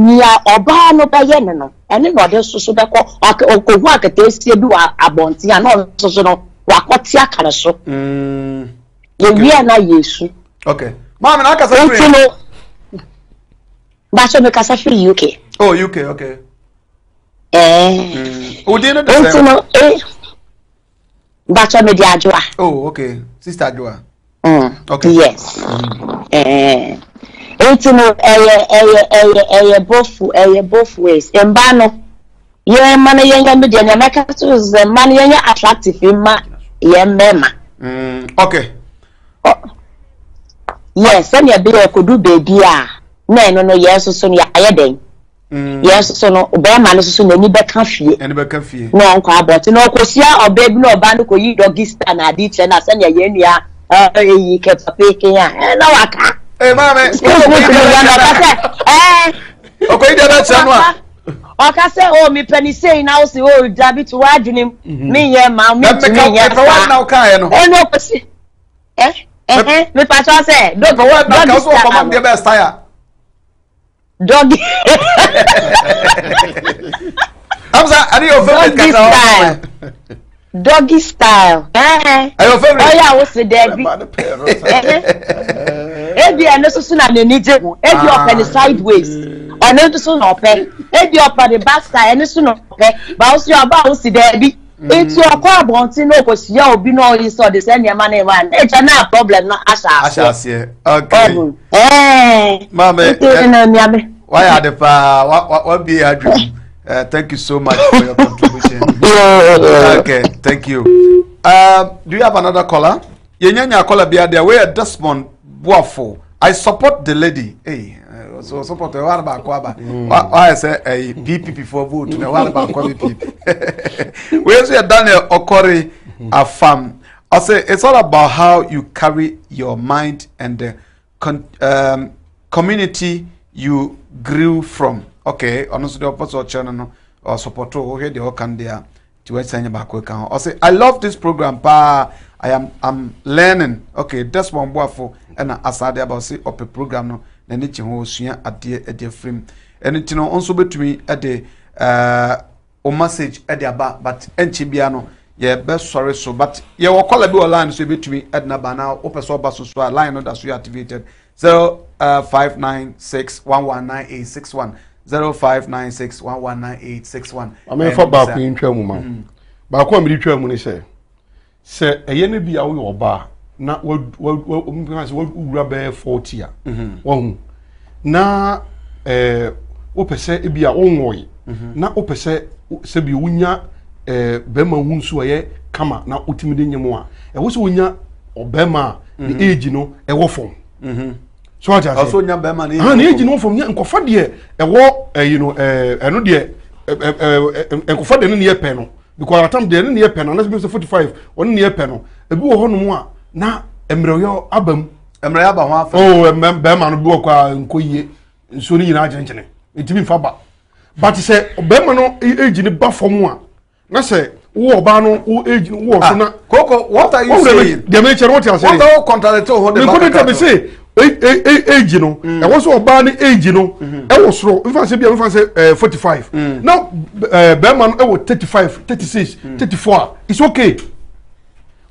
nyia ọbaa no bɛyɛ ne no ɛne na ɔde soso bɛkɔ ɔkohu akata esie bi wɔ abɔnten a na ɔno no wakɔte aka ne so mm. na yɛsu maame na akasa firi no baasi omi kasa uk oh uk ok. ɛɛ mm. de e, sɛ baasi omi di sista yes mm. nti no ɛyɛ ɛyɛ ɛyɛ ɛyɛ bofu ɛyɛ both ways mmaa no yɛn mma no yɛn yɛ media nea mɛka so sɛ mma no yɛn yɛ attractive mma yɛn mmarima. okay. yɛ sɛnea bi yɛ kodu beebi a na ɛno no yɛn soso no yɛayɛ dɛn. yɛn soso no no soso n'ani bɛka fie. fie. na ɔnkɔ abɔnten na ɔkɔsia ɔbaa bi na ɔbaa no yi dɔgista na adi kyerɛ na sɛnea yɛn nua ɛɛ eyi ɛna waka. ee maa mi. skills ni kiri yan na ọkasẹ ẹẹ. ọkọ o mi pẹ ni sẹyìn náà o sì o dàbí tí wàá dùn ní mi yẹ maa mi tún mi yẹ fà. mẹpẹ wàá nà ọkà yẹn nù. ẹnu o kò sí ẹ ẹhẹn mi pàṣẹ ọsẹ dọgì star àwọn. mẹpẹ wàá nà ọkà ọsọ your favorite Doggy style. Doggy style. Eh. o you your favorite? Oh yeah, ebi ɛno soso na n'ani gye ho ebi ɔpɛ ah. ne sideways ɔno nso na ɔpɛ ebi ɔpɛ ne basta ɛno so na ɔpɛ ba ɔso yɛ ɔba ɔsi dɛbi etu ɔkɔ abɔnten na okosia obi na ɔyi sɛ ɔde sɛ nneɛma na e ɛma na ɛgya na problem na ahyɛ aseɛ ɔbun ɛɛ maame ɛ wayɛ ade paa wa wa bie adwene. Uh, thank you so much for your contribution. okay, thank you. Um, do you have another caller? Yenyanya caller bia there. We are Desmond boafo i support the lady hey eh, so support ẹ wà ní baako aba wà ẹ sẹ ppp for vote ẹ wà ní baako bi ppp wíyẹn sọ yẹ daniel okori afam ọsẹ it's all about how you carry your mind and the con um, community you grew from okay ọ̀nà sọ de ọ̀pọ̀ sọ ọ̀kyẹ́ no no ọ̀ support ọ̀ hwẹ́ deɛ ɔka deɛ ti wẹ́n sẹ́yìn baako ka ho ọsẹ i love this program paa i am i'm learning okay desmond boafo ɛna asaade aba ɔsi ɔpɛ program no n'ani gye ho osua adeɛ ɛde afirim ɛno ti no nso betumi ɛde ɛɛ o message ɛde aba but ɛnkyɛ bia no yɛbɛsɔre so but yɛwɔ kɔla bi wɔ line so ebetumi ɛdina ba na wopɛ sɛ ɔba so a line no da so yɛ activated zero five nine six one one nine eight six one zero five nine six one one nine eight six one. ɔmɛ fɔ baako yi ntwa mu ma mm. baako a mi di twa mu ni sɛ sɛ ɛyɛ ne bi a woyɛ ɔbaa na wowura bɛyɛ forty a mhm. wahu na eh, wopɛ sɛ ebi a wonwɔye mhm. na wopɛ sɛ sɛbi wonya eh, bɛrima hu nso ɛyɛ kama na wotumi de nyɛ mu a ɛwɔ sɛ wonya ɔbɛrima a ne mhm. age no ɛwɔ fam so ati ase ɔsɔ nya bɛrima ne age no ne age no fam nkɔfa deɛ ɛwɔ ɛyi no ɛɛ ɛno deɛ ɛɛ eh, nkɔfa deɛ ne ne yɛ pɛ no because atam deɛ ne ne yɛ pɛ no anasɛ sɛ forty five ɔne ne yɛ pɛ no ebi wɔ hɔ nom a na mmerɛyɛ aba mu mmerɛyɛ aba ho afa oh bɛrima no bi wɔ kɔ a nkɔ yie nsuo no nyinaa kyenkyene ntumi nfa ba but sɛ bɛrima no e-, age ne ba fam a na sɛ wowɔ ɔbaa no wo age no wowɔ so ah, na koko what are you saying deɛ mekyɛ no wote ase what are you contradicting ho de ba kakra me se e-, e-, age no mm. ɛwɔ so ɔbaa no age no mm-hmm. ɛwɔ soro nfa sɛ bia nfa sɛ ɛɛ eh, forty five mm. na ɛɛ eh, bɛrima no ɛwɔ thirty five thirty six mm. thirty four a it's okay.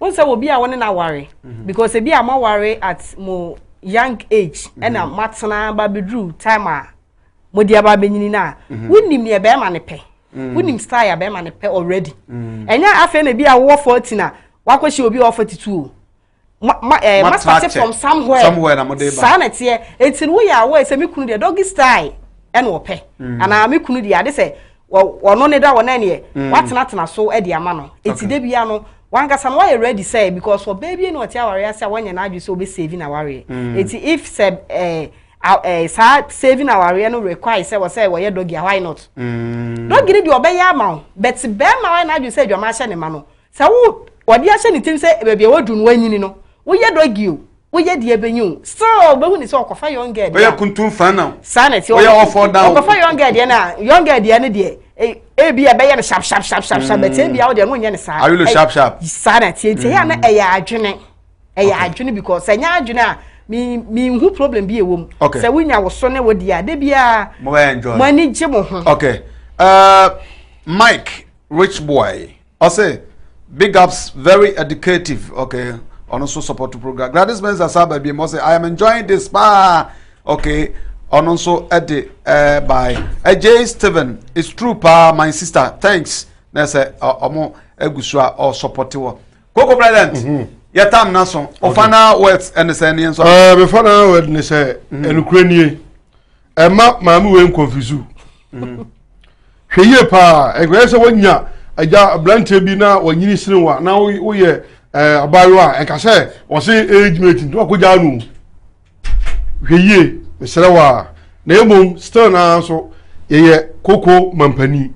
wọn sɛ obi a wɔne na ware mhm. because ebi a mo ware at mo young age ɛna mhm. mo atena ba beduru time a mo di aba benyini na mhm. wunim yɛ bɛrima ne pɛ wunim style yɛ bɛrima ne pɛ already Enya afei na ebi a wo forty na wakɔhyɛ obi a wɔwɔ forty two o ma eh, from somewhere somewhere na mo de ba saa na teɛ wo yɛ awɔ sɛ mi kunu deɛ doggy style ɛna pe, ana mi kunu de se wo wɔno ne da wɔn ɛniɛ watenatena so ɛde ama no eti de bi ya no wankasa no wayɛ ready sɛ because for bi na ɔte awareɛ ase a wanyɛ n'adwi sɛ ɔbɛ saving awareɛ eti hmm. if sɛ ɛɛ ɛɛ saa saving awareɛ no require sɛ wɔsɛ wɔyɛ dɔgi a why not dɔgi ni deɛ ɔbɛyɛ ama o but bɛrima wayɛ n'adwi sɛ aduama ahyɛ ne ma no sɛ wo wɔde ahyɛ ne tirim sɛ beebi a wɔdu no wɔanyini no woyɛ dɔgi o woyɛ deɛ bɛnyi o so bɛhu ne sɛ ɔkɔfa young girl deɛ ɔyɛ kuntum fan na saa na ti ɔyɛ ɔfɔ da o ɔkɔfa young girl deɛ na young girl deɛ ne deɛ ebi e a bɛyɛ no sharp sharp sharp sharp sharp ɛtɛ ebi a ɔdeɛ no nyɛ no saa ayolo sharp sharp saa na ti nti yɛn na mm. ɛyɛ adwene ɛyɛ adwene because ɛnyɛ adwene a mi mi nhu problem bi ewom sɛ wunya woso ne wo deɛ ade bi a mo ani gye mo ho okay uh, mike rich boy ɔsɛ big ups very educative okay ɔno nso support program gladys mensa saa baabi mu ɔsɛ i am enjoying this paa okay ɔno nso ɛde ɛɛ baae ɛgye steven it's true paa my sister thanks na ɛsɛ ɔmo egu so a ɔsupporti wɔ koko president mhm. yɛ tam na so ɔfana wet ɛne sɛ ɛneɛ nso. ɛɛ eh, mefana wet ne sɛ ɛnukure mhm. nie ɛma maame wei nkɔnfisu mhm. hwɛ yie paa ɛgbɛɛ sɛ wɔnya agya aberanteɛ bi na wɔnyini sini wa na woyɛ. abaayewa ɛka sɛ ɔse age meeting to akɔgya no hwɛ yie mesrɛ wɔ na mmom still naa nso yɛyɛ koko mampani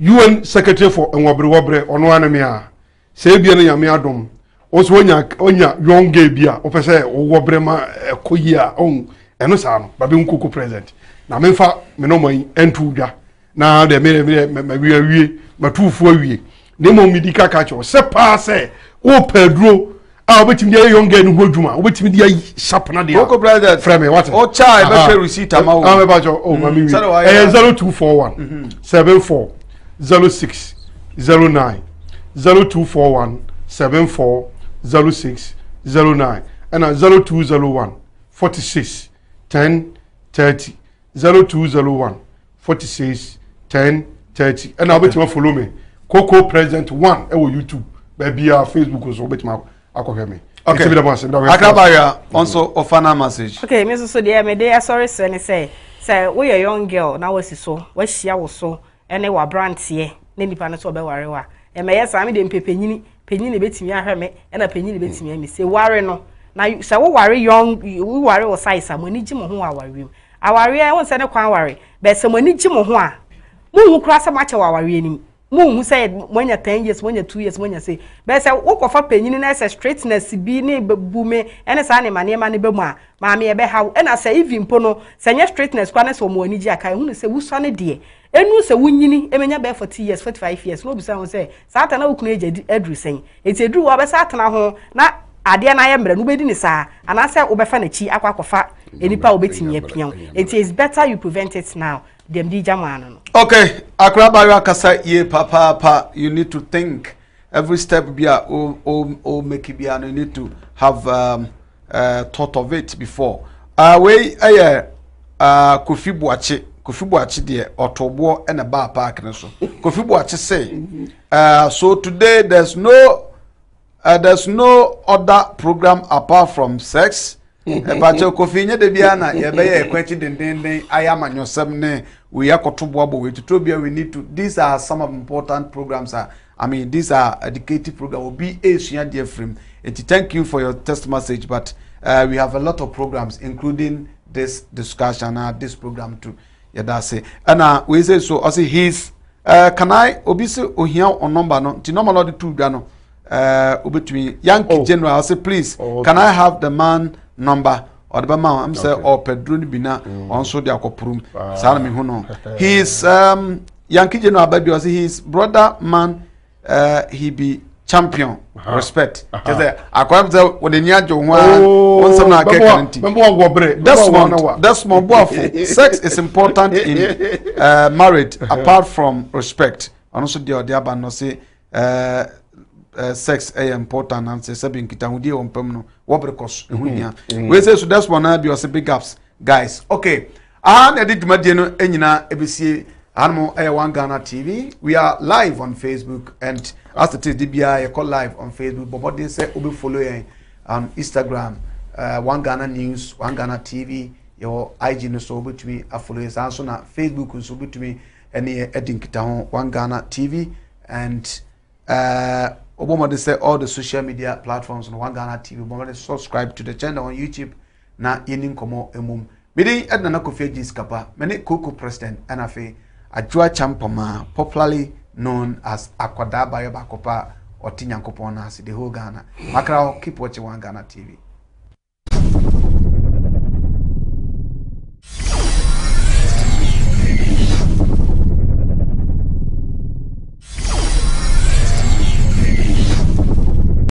un secretary for nwɔberewɔberɛ ɔno ano me a sɛ ebia no nyame adom ɔso ɔnya ɔnya young gay bi a wɔpɛ sɛ wɔwɔberɛ ma ɛkɔ yie a ɔn ɛno saa no babi nkoko present na memfa me ọmọ yi ɛntu dwa na deɛ mmerɛ mmerɛ mawie awie matuufoɔ awie na mmom medi kaka kyerɛ sɛ paa sɛ wopɛ aduro a wobɛtumi de ayɛ yɔnga no ho adwuma wobɛtumi de ayi sapena deɛ wokɔ president frɛ me wate ɔkya ah, ɛbɛpɛ ah. receipt ama wo ah, mɛba kyɛ o oh, mm-hmm. ma mi wi ɛyɛ 0241 74 06 09 0241 74 06 09 ɛna 0201 46 10 30 0201 46 10 30 ɛna wobɛtumi afolo me coco president 1 ɛwɔ youtube baabi a facebook so wobɛtumi akɔhwɛ me okay akrabaria nso ɔfana message. okay mi nso so deɛ mi de asɔre sɛ ne sɛ sɛ woyɛ young girl na wasi so wahyia wo so ɛne wabranteɛ ne nipa no so ɔbɛware wa ɛmɛyɛ saa mi de mpɛpɛnyini panyin na ebetumi ahwɛ mi ɛna panyin na ebetumi ami sɛ ware no na sɛ woware young woware wɔ size a mo ani gye mo ho aware mu aware a wɔn nsɛ ne kwan ware bɛsɛ mo ani gye mo ho a mo hu kura sɛ mo akyɛ wɔ aware anim muhu sɛ wɔnya ten years wɔnya two years wɔnya se bɛɛ sɛ wokɔfa panyin na ɛsɛ straightness bi ne bu me ɛne saa ne ma nneɛma ne bɛ mu a maame ɛbɛhaw ɛna sɛ even mpo no sɛ nyɛ straightness kora ne sɛ ɔmo ani gye aka ehunu sɛ wusua ne deɛ enu sɛ wunyini emenya bɛɛ forty years forty five years na obisa ho sɛ saa ata na okunu egya aduru sɛn eti eduru wɔ ɔbɛsa atena ho na adeɛ n'ayɛ mmerɛ n'obɛdi ne saa anaasɛ wobɛfa n'akyi akɔ akɔfa enipa a obetumi apia ho eti it's better you prevent it now deɛ mede gya maa no okay akora bayo akasa yie papaapa you need to think every step bi a o o o make bi a no you need to have um, uh, thought of it before uh, wei ɛyɛ uh, kofi buakye kofi buakye deɛ ɔtɔboɔ ɛna baa park no so kofi buakye say uh, so today there's no uh, there's no other program apart from sex ɛbakyɛ e, kofi nye de bi a na yɛbɛyɛ ɛkɔakyi dendenden ayɛ amanyɔsɛm ne we yakoto boabo we tutobia we need to these are some of important programs i mean these are educative program will be esua dear frame and thank you for your text message but uh, we have a lot of programs including this discussion uh, this program too yeah that's it and uh, we say so i say his uh, can i obi say ohia on number no the number no the two dwa no uh obetumi yankee oh. general i say please oh, okay. can i have the man number ɔde bɛma am sɛ ɔpɛ no bi na mm. ɔnso de akɔporom saa na mehu no his um, yankee gye no abadi ɔse his brother man uh, he be champion Aha. respect kyɛ sɛ akɔra sɛ wɔde ni agye ho oh, a wɔn nsɛm na akɛkɛ no nti desmond desmond boafo sex is important in uh, marriage apart from respect ɔno nso deɛ ɔde aba no se. Uh, sex ɛyɛ important na sɛ sɛbi nkitahodie wɔ mpɛm no wɔbere kɔ so ɛho nia wei sɛ so that's one bi ɔsɛ big ups guys okay aha na ɛde dwumadie no nyinaa ɛbɛsie hanom ɛyɛ one ghana tv we are live on facebook and as it is de biara yɛkɔ live on facebook bɔbɔden sɛ wobɛfollow yɛn eh, on instagram uh, one ghana news one ghana tv yɛwɔ ig no so wobɛtumi afollow yɛ saa nso na facebook nso wobɛtumi ɛne yɛ ɛde nkitaho one ghana tv and uh, obomode sɛ all the social media platforms no wagana tv bɔmɔde subscribe to the channel on youtube na yɛni nkɔmmɔ mmom meden ɛdena na kofi agyi sikapa mene coco president ɛna afei adwoa champama popularly known as akwadaa bayɔ baako pa a ɔte nyankopɔn no ase the whole ghana makra keep watching one ghana tv